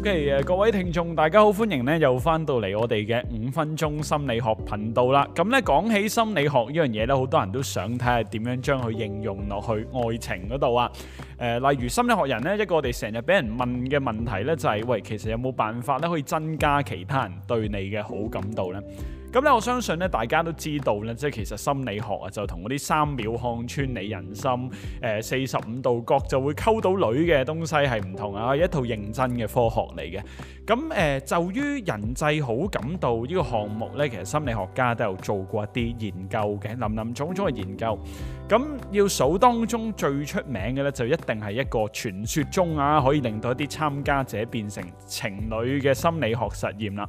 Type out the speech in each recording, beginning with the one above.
o、okay，呃、各位聽眾，大家好，歡迎咧又翻到嚟我哋嘅五分鐘心理學頻道啦。咁咧講起心理學呢樣嘢咧，好多人都想睇下點樣將佢應用落去愛情嗰度啊。誒、呃，例如心理學人咧，一個我哋成日俾人問嘅問題咧，就係、是、「喂，其實有冇辦法咧可以增加其他人對你嘅好感度呢？」咁咧，我相信咧，大家都知道咧，即係其實心理學啊，就同嗰啲三秒看穿你人心、誒四十五度角就會溝到女嘅東西係唔同啊，一套認真嘅科學嚟嘅。咁誒，就於人際好感度呢個項目咧，其實心理學家都有做過一啲研究嘅，林林總總嘅研究。咁要數當中最出名嘅咧，就一定係一個傳説中啊，可以令到一啲參加者變成情侶嘅心理學實驗啦。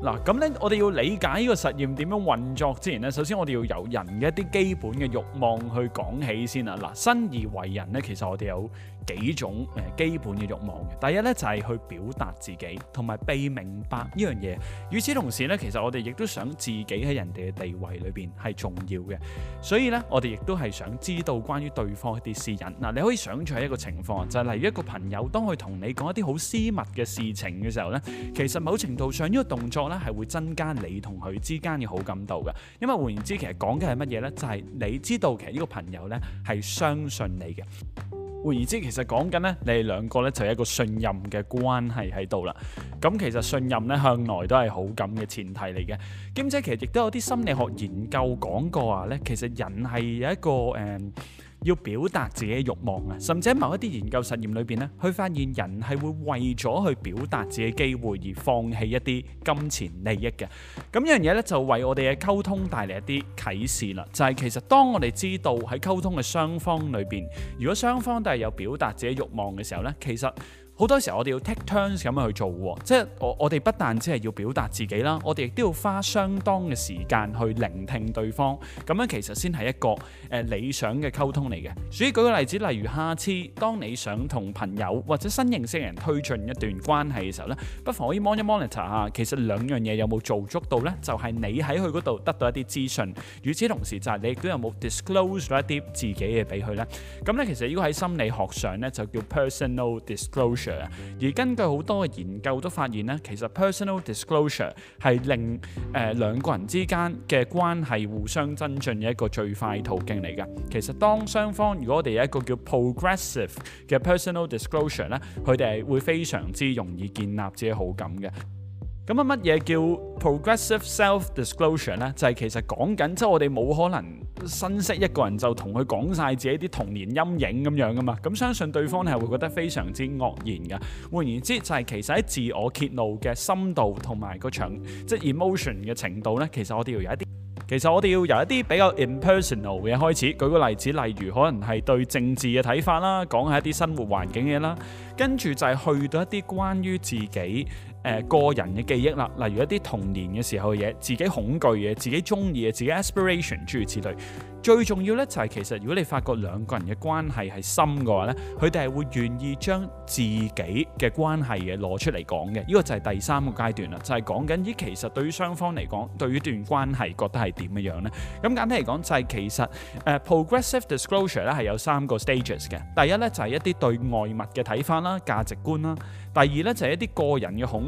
嗱，咁咧，我哋要理解呢個實驗點樣運作之前咧，首先我哋要由人嘅一啲基本嘅慾望去講起先啦。嗱，生而為人咧，其實我哋有幾種誒基本嘅慾望嘅，第一咧就係、是、去表達自己，同埋被明白呢樣嘢。與此同時咧，其實我哋亦都想自己喺人哋嘅地位裏邊係重要嘅，所以咧我哋亦都係想知道關於對方一啲私隱。嗱，你可以想象一個情況，就係、是、例如一個朋友當佢同你講一啲好私密嘅事情嘅時候咧，其實某程度上呢個動作咧係會增加你同佢之間嘅好感度嘅，因為換言之，其實講嘅係乜嘢咧？就係、是、你知道其實呢個朋友咧係相信你嘅。換言之，其實講緊咧，你哋兩個咧就係一個信任嘅關係喺度啦。咁其實信任咧向來都係好感嘅前提嚟嘅。兼且其實亦都有啲心理學研究講過啊，咧其實人係有一個誒。嗯要表達自己嘅慾望啊，甚至喺某一啲研究實驗裏邊咧，去發現人係會為咗去表達自己嘅機會而放棄一啲金錢利益嘅。咁一樣嘢咧，就為我哋嘅溝通帶嚟一啲啟示啦。就係其實當我哋知道喺溝通嘅雙方裏邊，如果雙方都係有表達自己慾望嘅時候咧，其實。好多時我哋要 take turns 咁樣去做喎，即係我我哋不但只係要表達自己啦，我哋亦都要花相當嘅時間去聆聽對方，咁樣其實先係一個誒理想嘅溝通嚟嘅。所以舉個例子，例如下次當你想同朋友或者新認識嘅人推進一段關係嘅時候咧，不妨可以 moni monitor 吓，其實兩樣嘢有冇做足到咧，就係你喺佢嗰度得到一啲資訊，與此同時就係你亦都有冇 disclose 到一啲自己嘅俾佢咧。咁咧其實如果喺心理學上咧就叫 personal disclosure。而根據好多嘅研究都發現咧，其實 personal disclosure 係令誒、呃、兩個人之間嘅關係互相增進嘅一個最快途徑嚟嘅。其實當雙方如果我哋有一個叫 progressive 嘅 personal disclosure 咧，佢哋係會非常之容易建立自己好感嘅。咁啊，乜嘢叫 progressive self disclosure 呢？就係、是、其實講緊，即、就、係、是、我哋冇可能新識一個人就同佢講晒自己啲童年陰影咁樣噶嘛。咁、嗯、相信對方係會覺得非常之愕然噶。換言之，就係、是、其實喺自我揭露嘅深度同埋個長即、就是、emotion 嘅程度呢，其實我哋要有一啲，其實我哋要由一啲比較 impersonal 嘅開始。舉個例子，例如可能係對政治嘅睇法啦，講下一啲生活環境嘅嘢啦，跟住就係去到一啲關於自己。誒、呃、個人嘅記憶啦，例如一啲童年嘅時候嘅嘢，自己恐懼嘅，自己中意嘅，自己 aspiration 諸如此類。最重要呢，就係其實如果你發覺兩個人嘅關係係深嘅話呢，佢哋係會願意將自己嘅關係嘅攞出嚟講嘅。呢、這個就係第三個階段啦，就係、是、講緊呢其實對於雙方嚟講，對於段關係覺得係點嘅樣呢？咁簡單嚟講就係其實誒、呃、progressive disclosure 咧係有三個 stages 嘅。第一呢，就係、是、一啲對外物嘅睇法啦、價值觀啦。第二呢，就係、是、一啲個人嘅恐。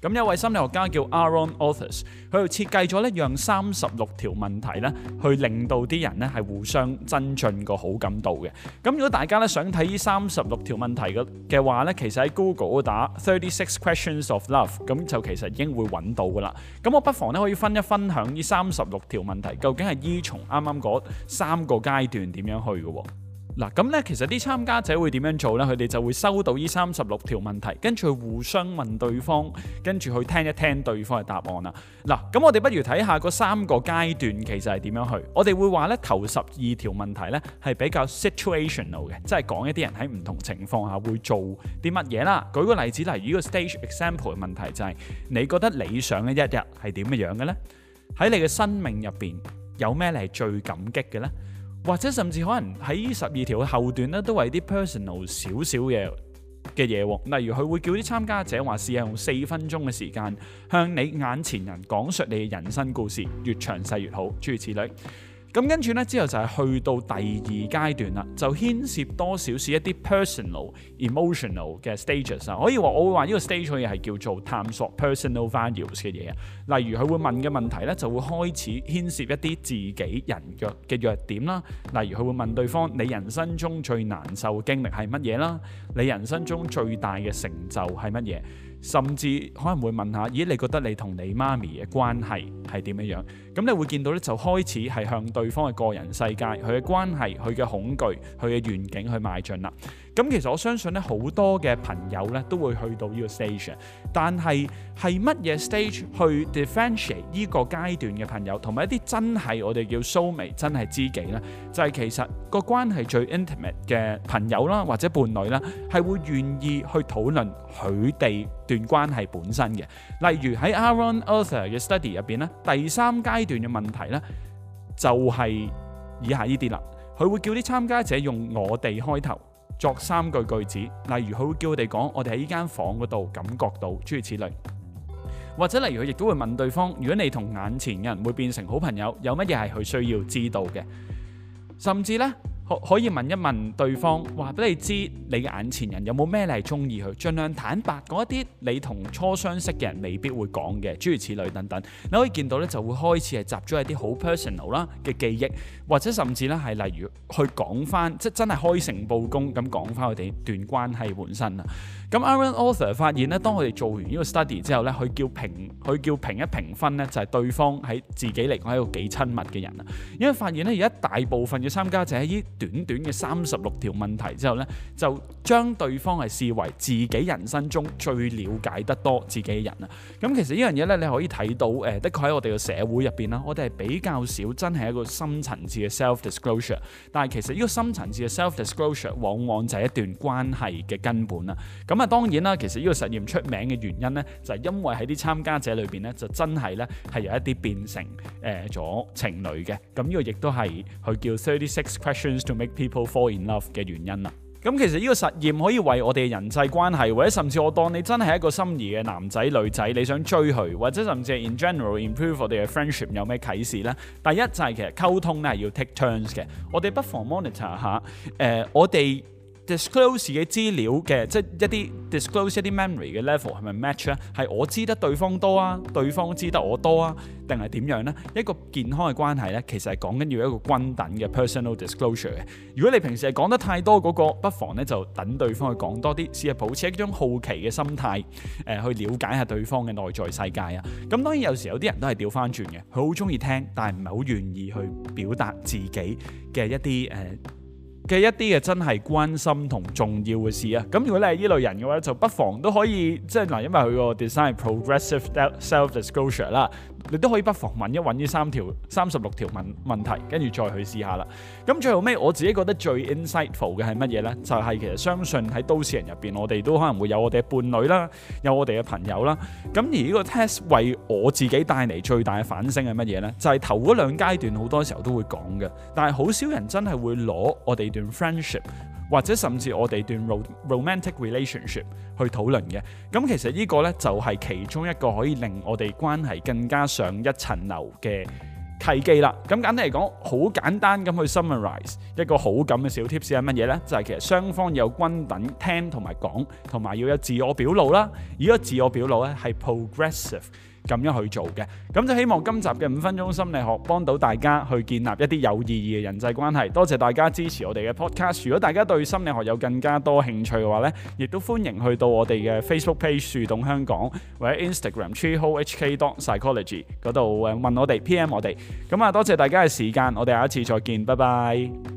咁有一位心理學家叫 Aron Arthur，佢就設計咗咧，用三十六條問題咧，去令到啲人咧係互相增進個好感度嘅。咁如果大家咧想睇呢三十六條問題嘅嘅話咧，其實喺 Google 打 Thirty Six Questions of Love，咁就其實已經會揾到噶啦。咁我不妨咧可以分一分享呢三十六條問題究竟係依從啱啱嗰三個階段點樣去嘅喎。嗱，咁呢，其實啲參加者會點樣做呢？佢哋就會收到呢三十六條問題，跟住去互相問對方，跟住去聽一聽對方嘅答案啦。嗱，咁我哋不如睇下嗰三個階段其實係點樣去。我哋會話呢頭十二條問題呢係比較 situational 嘅，即係講一啲人喺唔同情況下會做啲乜嘢啦。舉個例子，例如呢個 stage example 嘅問題就係：你覺得理想嘅一日係點嘅樣嘅呢？喺你嘅生命入邊有咩你係最感激嘅呢？或者甚至可能喺十二條嘅後段咧，都係啲 personal 少少嘅嘅嘢喎。例如佢會叫啲參加者話試下用四分鐘嘅時間向你眼前人講述你嘅人生故事，越詳細越好，諸如此類。咁跟住咧，之後就係去到第二階段啦，就牽涉多少少一啲 personal、emotional 嘅 stages 啊。可以話，我會話呢個 stage 嘅嘢係叫做探索 personal values 嘅嘢啊。例如佢會問嘅問題咧，就會開始牽涉一啲自己人嘅嘅弱點啦。例如佢會問對方：你人生中最難受嘅經歷係乜嘢啦？你人生中最大嘅成就係乜嘢？甚至可能會問下：咦，你覺得你同你媽咪嘅關係？係點樣樣？咁你會見到咧，就開始係向對方嘅個人世界、佢嘅關係、佢嘅恐懼、佢嘅願景去邁進啦。咁其實我相信咧，好多嘅朋友咧都會去到呢個 station，但係係乜嘢 stage 去 differentiate 呢個階段嘅朋友，同埋一啲真係我哋叫 soulmate 真係知己呢？就係其實個關係最 intimate 嘅朋友啦，或者伴侶啦，係會願意去討論佢哋段關係本身嘅。例如喺 Aaron Arthur 嘅 study 入邊呢。第三階段嘅問題呢，就係以下呢啲啦。佢會叫啲參加者用我哋開頭作三句句子，例如佢會叫我哋講我哋喺呢間房嗰度感覺到諸如此類，或者例如佢亦都會問對方：如果你同眼前嘅人會變成好朋友，有乜嘢係佢需要知道嘅？甚至呢。可可以問一問對方，話俾你知你嘅眼前人有冇咩你係中意佢，盡量坦白嗰一啲你同初相識嘅人未必會講嘅，諸如此類等等。你可以見到咧，就會開始係集中一啲好 personal 啦嘅記憶，或者甚至咧係例如去講翻，即真係開誠佈公咁講翻佢哋段關係本身啊。咁 Aron Arthur 發現咧，當佢哋做完呢個 study 之後咧，佢叫評佢叫評一評分咧，就係、是、對方喺自己嚟講係一個幾親密嘅人啊！因為發現咧，而家大部分嘅參加者喺呢短短嘅三十六條問題之後咧，就將對方係視為自己人生中最了解得多自己嘅人啊！咁其實呢樣嘢咧，你可以睇到誒、呃，的確喺我哋嘅社會入邊啦，我哋係比較少真係一個深層次嘅 self disclosure。Dis osure, 但係其實呢個深層次嘅 self disclosure 往往就係一段關係嘅根本啊！咁啊，當然啦，其實呢個實驗出名嘅原因呢，就係、是、因為喺啲參加者裏邊呢，就真係呢，係有一啲變成誒咗、呃、情侶嘅。咁呢個亦都係佢叫 Thirty Six Questions to Make People Fall in Love 嘅原因啦。咁其實呢個實驗可以為我哋嘅人際關係，或者甚至我當你真係一個心儀嘅男仔女仔，你想追佢，或者甚至係 In General Improve 我哋嘅 Friendship 有咩啟示呢？第一就係、是、其實溝通呢係要 Take Turns 嘅。我哋不妨 Monitor 下。誒、呃，我哋。disclose 嘅資料嘅，即係一啲 disclose 一啲 memory 嘅 level 係咪 match 咧？係我知得對方多啊，對方知得我多啊，定係點樣呢？一個健康嘅關係呢，其實係講緊要一個均等嘅 personal disclosure 嘅。如果你平時係講得太多嗰個，不妨呢就等對方去講多啲，試下保持一種好奇嘅心態，誒去了解下對方嘅內在世界啊。咁當然有時有啲人都係掉翻轉嘅，佢好中意聽，但係唔係好願意去表達自己嘅一啲誒。呃嘅一啲嘅真係關心同重要嘅事啊！咁如果你係呢類人嘅話，就不妨都可以即係嗱，因為佢個 design 係 progressive self-disclosure 啦。你都可以不妨問一問呢三條三十六條問問題，跟住再去試下啦。咁最後尾我自己覺得最 insightful 嘅係乜嘢咧？就係其實相信喺都市人入邊，我哋都可能會有我哋嘅伴侶啦，有我哋嘅朋友啦。咁而呢個 test 為我自己帶嚟最大嘅反省係乜嘢咧？就係頭嗰兩階段好多時候都會講嘅，但係好少人真係會攞我哋段 friendship 或者甚至我哋段 romantic relationship 去討論嘅。咁其實呢個咧就係其中一個可以令我哋關係更加。上一層樓嘅契機啦，咁簡單嚟講，好簡單咁去 summarize 一個好感嘅小 tips 係乜嘢呢？就係、係、其實雙方有均等聽同埋講，同埋要有自我表露啦。而個自我表露咧係 progressive。咁樣去做嘅，咁就希望今集嘅五分鐘心理學幫到大家去建立一啲有意義嘅人際關係。多謝大家支持我哋嘅 podcast。如果大家對心理學有更加多興趣嘅話咧，亦都歡迎去到我哋嘅 Facebook page 樹洞香港或者 Instagram treeholehk.psychology 嗰度誒問我哋 PM 我哋。咁啊，多謝大家嘅時間，我哋下一次再見，拜拜。